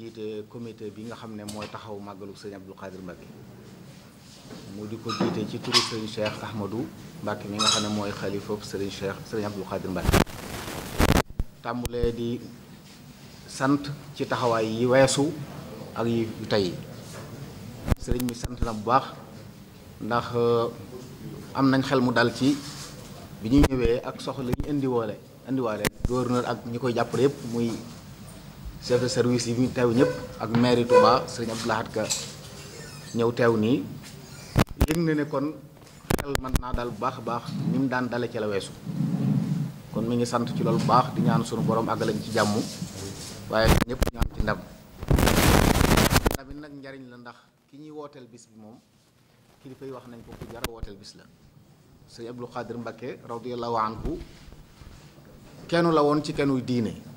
jiite comité bi nga xam ne mooy taxaw màggalu sëñ Abdou Khadir Mbacke mu di ko jiite ci turu sëñ Cheikh Ahmadou Mbacke mi nga xam ne mooy xalifa sëriñ Cheikh sëriñ Abdou Khadir Mbacke tàmbulee di sant ci taxawaay yi weesu ak yi tey sëriñ bi sant na bu baax ndax uh, am nañ xel mu dal ci bi ñu ñëwee ak soxla ñu indiwoole indiwaale gouverneur ak ñi koy jàppale yëpp muy chef de yi ñu teew ñëpp ak maire Touba sëriñ Abdou Lahad Ka ñëw teew nii yëg na ne kon xel mën naa dal bu baax a baax ni mu daan dale ca la weesu kon mi sant ci loolu bu baax di ñaan sunu boroom borom àggalañ ci jàmm waaye ñëpp ñu ci ndam ndamit nag njariñ la ndax ki ñuy wooteel bis bi moom kilifa yi wax nañ ko ku jar wooteel bis la sëriñ Abdou Khadir Mbacké radiyallahu anhu kenn la woon ci kennuy diine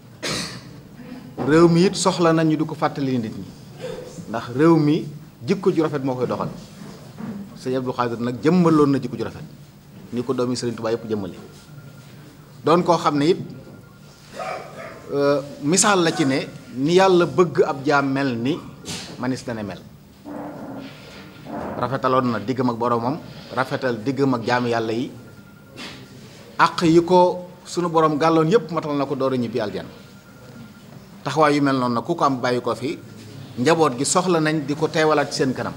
réew mi it soxla nañu di ko fàttali nit ñi ndax réew mi jikko ju rafet moo koy doxal sëñ Abdou Khadir nag jëmmaloon na jikko ju rafet ni ko doomi Sëriñ Tuubaa yëpp jëmmale doon koo xam ne it euh, misaal la ci ne ni yàlla bëgg ab jaam mel ni manis na ne mel rafetaloon na diggam ak boromam rafetal diggam ak jaam yàlla yi àq yi ko sunu borom gàlloon yëpp matal na ko door a ñibbi aljan taxawaay yu mel noonu nag ku ko am bàyyi ko fi njaboot gi soxla nañ di ko teewalaat ci seen kanam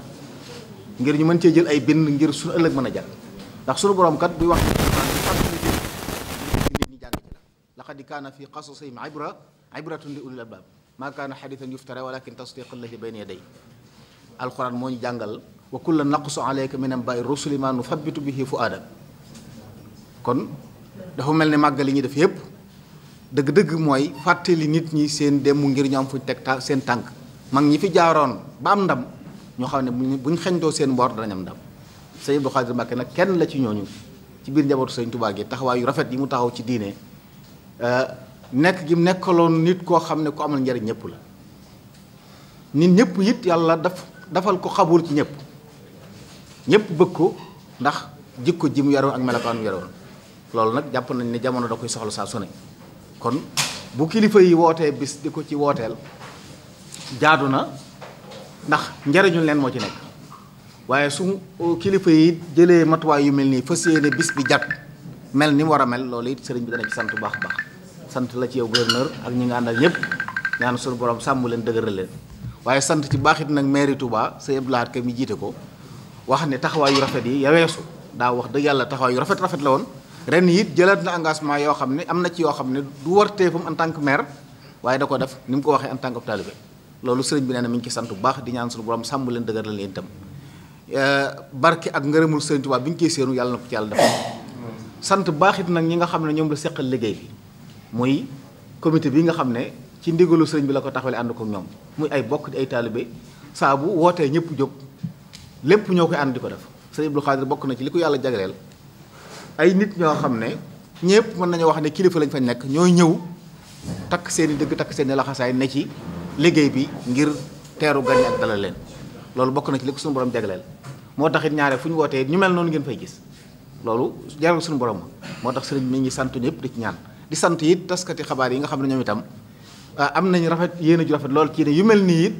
ngir ñu mën cee jël ay bind ngir su ëllëg mën a jàll ndax suñu borom kat buy wax nit ñi jàng ci la laqad kaana fi qasasihim ibra ibratun li ulil albab maa kaana xadithan yuftara walakin tasdiqa alladi bayna yaday alquran moo ñu jàngal wa kulla naqsu alayka min ambai rusuli ma nuthabitu bihi fuadak kon dafa mel ne màggal li ñuy def yépp dëgg-dëgg mooy fàttali nit ñi seen démb ngir ñu am fu teg seen tànk mag ñi fi jaaroon ba am ndam ñoo xam ne bu buñ xeñtoo seen mboor danañ am ndam sëñ Abdou Khadir Mbacké nag kenn la ci ñooñu ci biir njabootu sëñ Tuubaa gi taxawaay yu rafet yi mu taxaw ci diine euh, nekk gi mu nekkaloon nit koo xam ne ku amal njariñ ñépp la nit ñëpp it yàlla daf defal ko xabul ci ñëpp ñëpp bëgg ko ndax jikko ji mu yaroon ak melokaan mu yaroon loolu nag jàpp nañ ne jamono da koy soxla saa kon bu kilifa yi wootee bis di ko ci wooteel jaadu na ndax njariñul leen moo ci nekk waaye su kilifa yi jëlee matuwaay yu mel nii fas yéene bis bi jàkk mel ni mu war a mel loolu it sëriñ bi dana ci sant bu baax baax sant la ci yow gouverneur ak ñi nga àndal ñëpp ñaan suñu borom sàmm leen dëgëral leen waaye sant ci baaxit nag mairie Touba sëñ Abdou Lahad Ka mi jiite ko wax ne taxawaay yu rafet yi yaweesu daa wax dëgg yàlla taxawaay yu rafet rafet la woon ren it jëlaat na engagement yoo xam ne am na ci yoo xam ne du war teefam en tant que maire waaye da ko def ni mu ko waxee en tant que talibé loolu sëriñ bi nee na mi ngi bu baax di ñaan suñu borom leen dëgëral leen itam euh, barke ak ngërëmul sëriñ Tuubaa bi ñu koy séenu yàlla ko ci yàlla def baax it nag ñi nga xam ne ñoom la seqal liggéey bi muy comité bi nga xam ne ci ndigalu sëriñ bi la ko taxawale ànd ko ñoom muy ay bokk di ay talibé saa bu wootee ñëpp jóg lépp ñoo koy ànd di ko def sëriñ Abdou Khadre bokk na ci li ko yàlla jagleel ay nit ñoo xam ne ñëpp mën nañu wax ne kilifa lañ fa nekk ñooy ñëw takk seen i dëgg takk seen i laxasaay ne ci liggéey bi ngir teeru gan ak dalal leen loolu bokk na ci li ko suñu borom jagleel moo tax it ñaare fu ñu wootee ñu mel noonu ngeen fay gis loolu jaral suñu borom moo tax sëriñ mi ngi sant ñëpp di ci ñaan di sant it taskati xabaar yi nga xam ne ñoom itam ah, am nañu rafet yéen a ju rafet lool ci ne yu mel nii it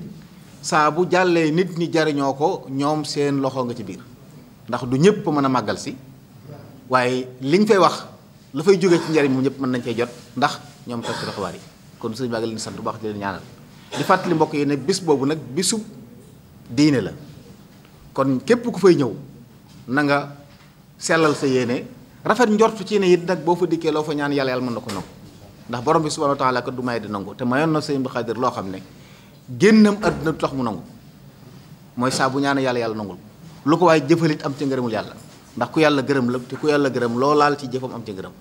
saa bu jàllee nit ñi jariñoo ko ñoom seen loxo nga ci biir ndax du ñëpp mën a màggal si waaye liñ fay wax la fay jóge ci njariñ mu ñëpp mën nañ cee jot ndax ñoom tax ci xabaar yi kon su baa ngi bu baax di leen ñaanal di fàttali mbokk yi ne bis boobu nag bisub diine la kon képp ku fay ñëw na nga sellal sa yéene rafet njortu ci ne it nag boo fa dikkee loo fa ñaan yàlla yàlla mën na ko nangu ndax borom bi subhanahu wa taala du may di nangu te mayoon na sëñ bi xadir loo xam ne génnam àdduna du tax mu nangu mooy saa bu ñaan yàlla yàlla nangul lu ko waaye jëfalit am ci ngërëmul yàlla ndax ku yàlla gërëm la te ku yàlla gërëm loo laal ci jëfam am ca gërëm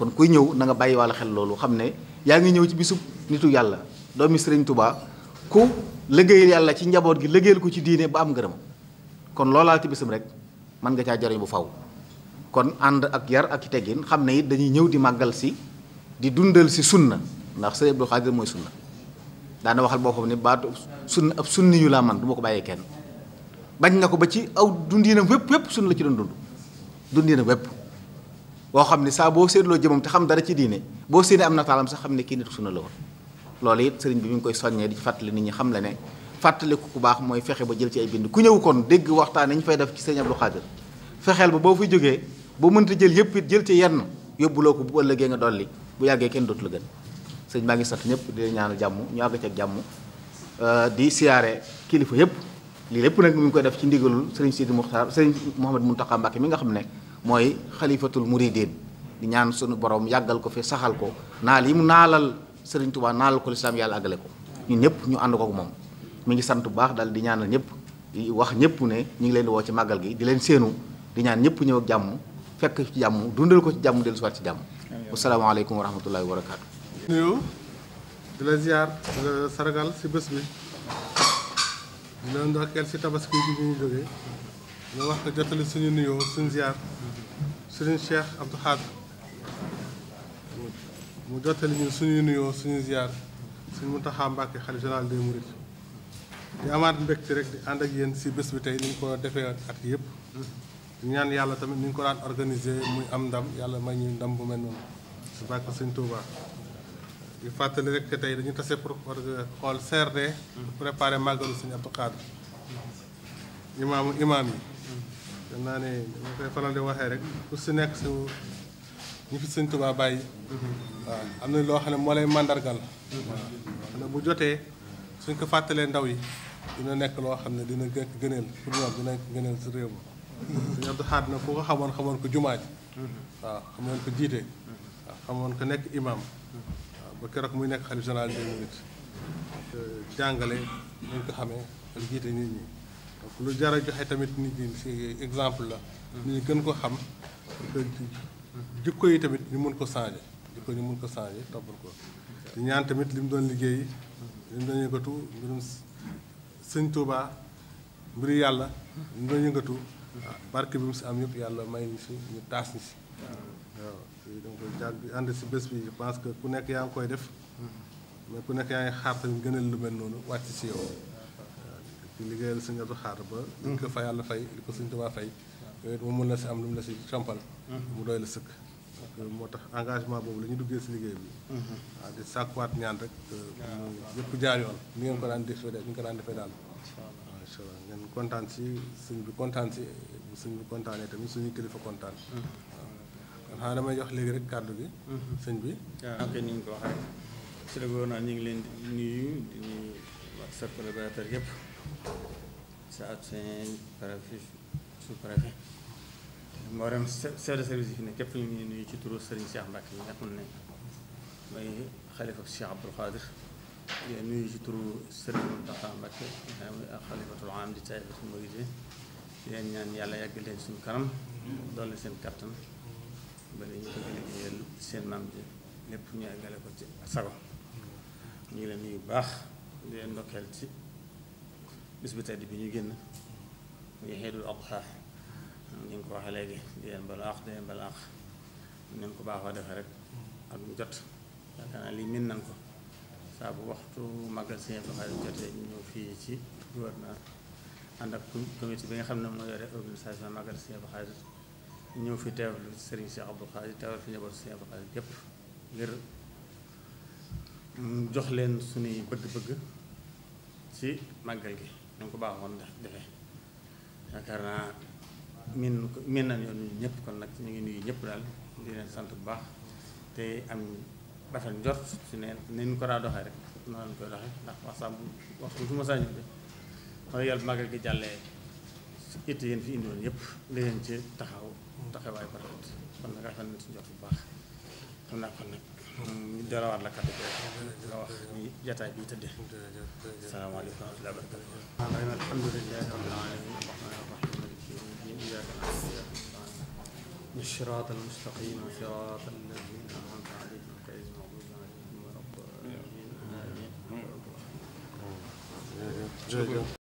kon kuy ñëw na nga bàyyi wàll xel loolu xam ne yaa ngi ñëw ci bisub nitu yàlla doomi Sëriñ Tuubaa ku liggéeyal yàlla ci njaboot gi liggéeyal ko ci diine ba am ngërëm kon loo laal ci bisum rek mën nga caa jariñ bu faw kon ànd ak yar ak teggin xam ne it dañuy ñëw di màggal si di dundal si sunna ndax Sëriñ Abdul Xaadir mooy sunna daana waxal boo xam ne baatu sunna ab sunni yu laa man du ma ko bàyyee kenn bañ nga ko ba ci aw dundinam wépp wépp suñu la ci doon dund dundinam wépp boo xam ne saa boo seetloo jëmam te xam dara ci diine boo séenee am nataalam sax xam ne kii nit sunna la woon loolu it sëriñ bi mi ngi koy soññee di fàttali nit ñi xam la ne fàttaliku ku baax mooy fexe ba jël ci ay bind ku ñëw kon dégg waxtaan nañ fay def ci sëriñ Abdou Khadir fexeel ba boo fi jógee boo mënta jël yëpp it jël ci yenn yóbbuloo ko bu ëllëgee nga dolli bu yàggee kenn dootu la gën sëriñ maa ngi sant ñëpp di ñaanal jàmm ñu àgg ci ak euh, di siyaare kilifa yëpp lii lépp nag mi ngi koy def ci ndigalul sëriñ Sidi Muxtaar sëriñ Mouhamad Mountakha Mbacké mi nga xam ne mooy xalifatul muridin di ñaan sunu borom yàggal ko fi saxal ko naal lii mu naalal sëriñ Touba naalal ko lislaam yàlla àggale ko ñun ñëpp ñu ànd ko moom mi ngi sant bu baax daal di ñaanal ñëpp di wax ñëpp ne ñu ngi leen di woo ci màggal gi di leen séenu di ñaan ñëpp ñëw jàmm fekk ci jàmm dundal ko ci jàmm dellusiwaat ci jàmm wasalaamaaleykum wa rahmatullahi di la ziar di la sargal si dina ndokkeel si tabaski bi ñu jógee nga wax ko jottali suñu nuyoo suñu ziar suñu Cheikh Abdou Khadre mu jottali ñu suñu nuyoo suñu ziar suñu Mountakha Mbacké xalifa général des mourides di amaat mbégte rek di ànd ak yéen si bés bi tey ni ñu ko defee at yëpp ñaan yàlla tamit ni ñu ko daan organisé muy am ndam yàlla may ñu ndam bu mel noonu si bàkk suñ Tuubaa di fàttali rek tey dañu tase pour xool CRD. Mm. pour préparer màggalu Sëñ Abdou Khadre. Mm. imaamu imaam yi. dem mm. naa ne koy faral di waxee rek ku si nekk su ñu fi Sëñ Tuubaa bàyyi. Mm-hmm. waaw am na loo xam ne moo lay màndargal. Mm-hmm. waaw bu jotee suñ ko fàttalee ndaw yi dina nekk loo xam ne dina gëkk gëneel pour ñoom nekk gëneel si réew mi. Mm-hmm. Sëñ Abdou Khadre nag ku ko xamoon xamoon ko jumaa ji. waaw xamoon ko jiite. xamoon ko nekk imaam. ba keroog muy nekk xalif général des mourides jàngale ñu ko xamee ak jiite nit ñi donc lu jar a joxe tamit nit ñi ci exemple la nit ñi gën ko xam jikko yi tamit ñu mën ko sange jikko ñu mun ko changé toppal ko ñaan tamit li mu doon liggéey li mu doon yëngatu mbirum sëñ Tuubaa mbiri yàlla li mu doon yëngatu barke bi mu si am yëpp yàlla may ñu si ñu taas ñu si ak ànd si bés bi parce que ku nekk yaa ngi koy def mais ku nekk yaa ngi xaar tamit gënal lu mel noonu wàcc si yow di liggéeyal sëñ Abdou xaar ba li ko fa yàlla fay li ko sëñ Tuubaa fay yooyu moom mën la si am lu mu la si sampal mu doy la sëkk moo tax engagement boobu la ñu duggee si liggéey bi waaw di sàkkuwaat ñaan rek euh, mu yëpp jaar yoon ni ngeen ko daan defee ñu ko daan defee daal incha allah ngeen kontaan si suñ bi kontaan si suñ bi kontaanee tamit suñu kilifa kontaan kon xanaa damay jox léegi rek kàddu gi. Mm-hmm. sëñ bi. waaw ah, ni ñu ko waxee rek la gouvernement ñu ngi leen di nuyu di nuyu wax sa collaborateur yëpp sa adjoint préfet sous préfet mboolem se de service yi fi ne képp ñu ngi nuyu ci turu Serigne Cheikh Mbacke nga xam ne di nuyu ci turu Serigne Mountakha ñaan yàlla yàgg leen suñu kanam dolli seen kattan. ba dañuy bëgg liggéeyal seen maam ji lépp ñu eggale ko ci sago ñu ngi leen nuyu bu baax di leen ndokkeel ci bis bi tedd ñu génn mu Iidul Adha ni nga ko waxee léegi di leen balu àq di leen balu àq ko baaxoo defee rek ak mu jot yaakaar naa lii min nan ko saa bu waxtu màggal seen baxaar jotee ñu ñëw fii ci gouverneur ànd ak comité bi nga xam ne moo yore organisation màggal seen baxaar ñëw fi teewlu Serigne Cheikh Abdou Khadre teewal fi njaboot Serigne Abdou Khadre yépp ngir jox leen suñuy bëgg-bëgg ci màggal gi ñu ko baaxoon def defee yaakaar naa miin miin nañ yoon ñëpp kon nag ñu ngi nuyu ñëpp daal di leen sant bu baax te am rafet njort ci ne nañ ko daa doxee rek noonu lañ koy doxee ndax wax sàmm waxtu su ma saa de wax yàlla màggal gi jàllee. it yéen fi indiwoon yëpp li leen ci taxaw taxawaay bu rafet kon nag rafet na ci jot bu baax xam naa kon nag ñu dalawaat la kàddu gi nga wax ni jataay bi tëddee salaamaaleykum wa rahmatulah barakaatu alhamdulilahi rabbil alamin arrahmani arrahim maliki yawmi din iyyaka na'budu wa iyyaka nasta'in الصراط المستقيم صراط الذين أنعمت عليهم غير المغضوب عليهم ولا الضالين آمين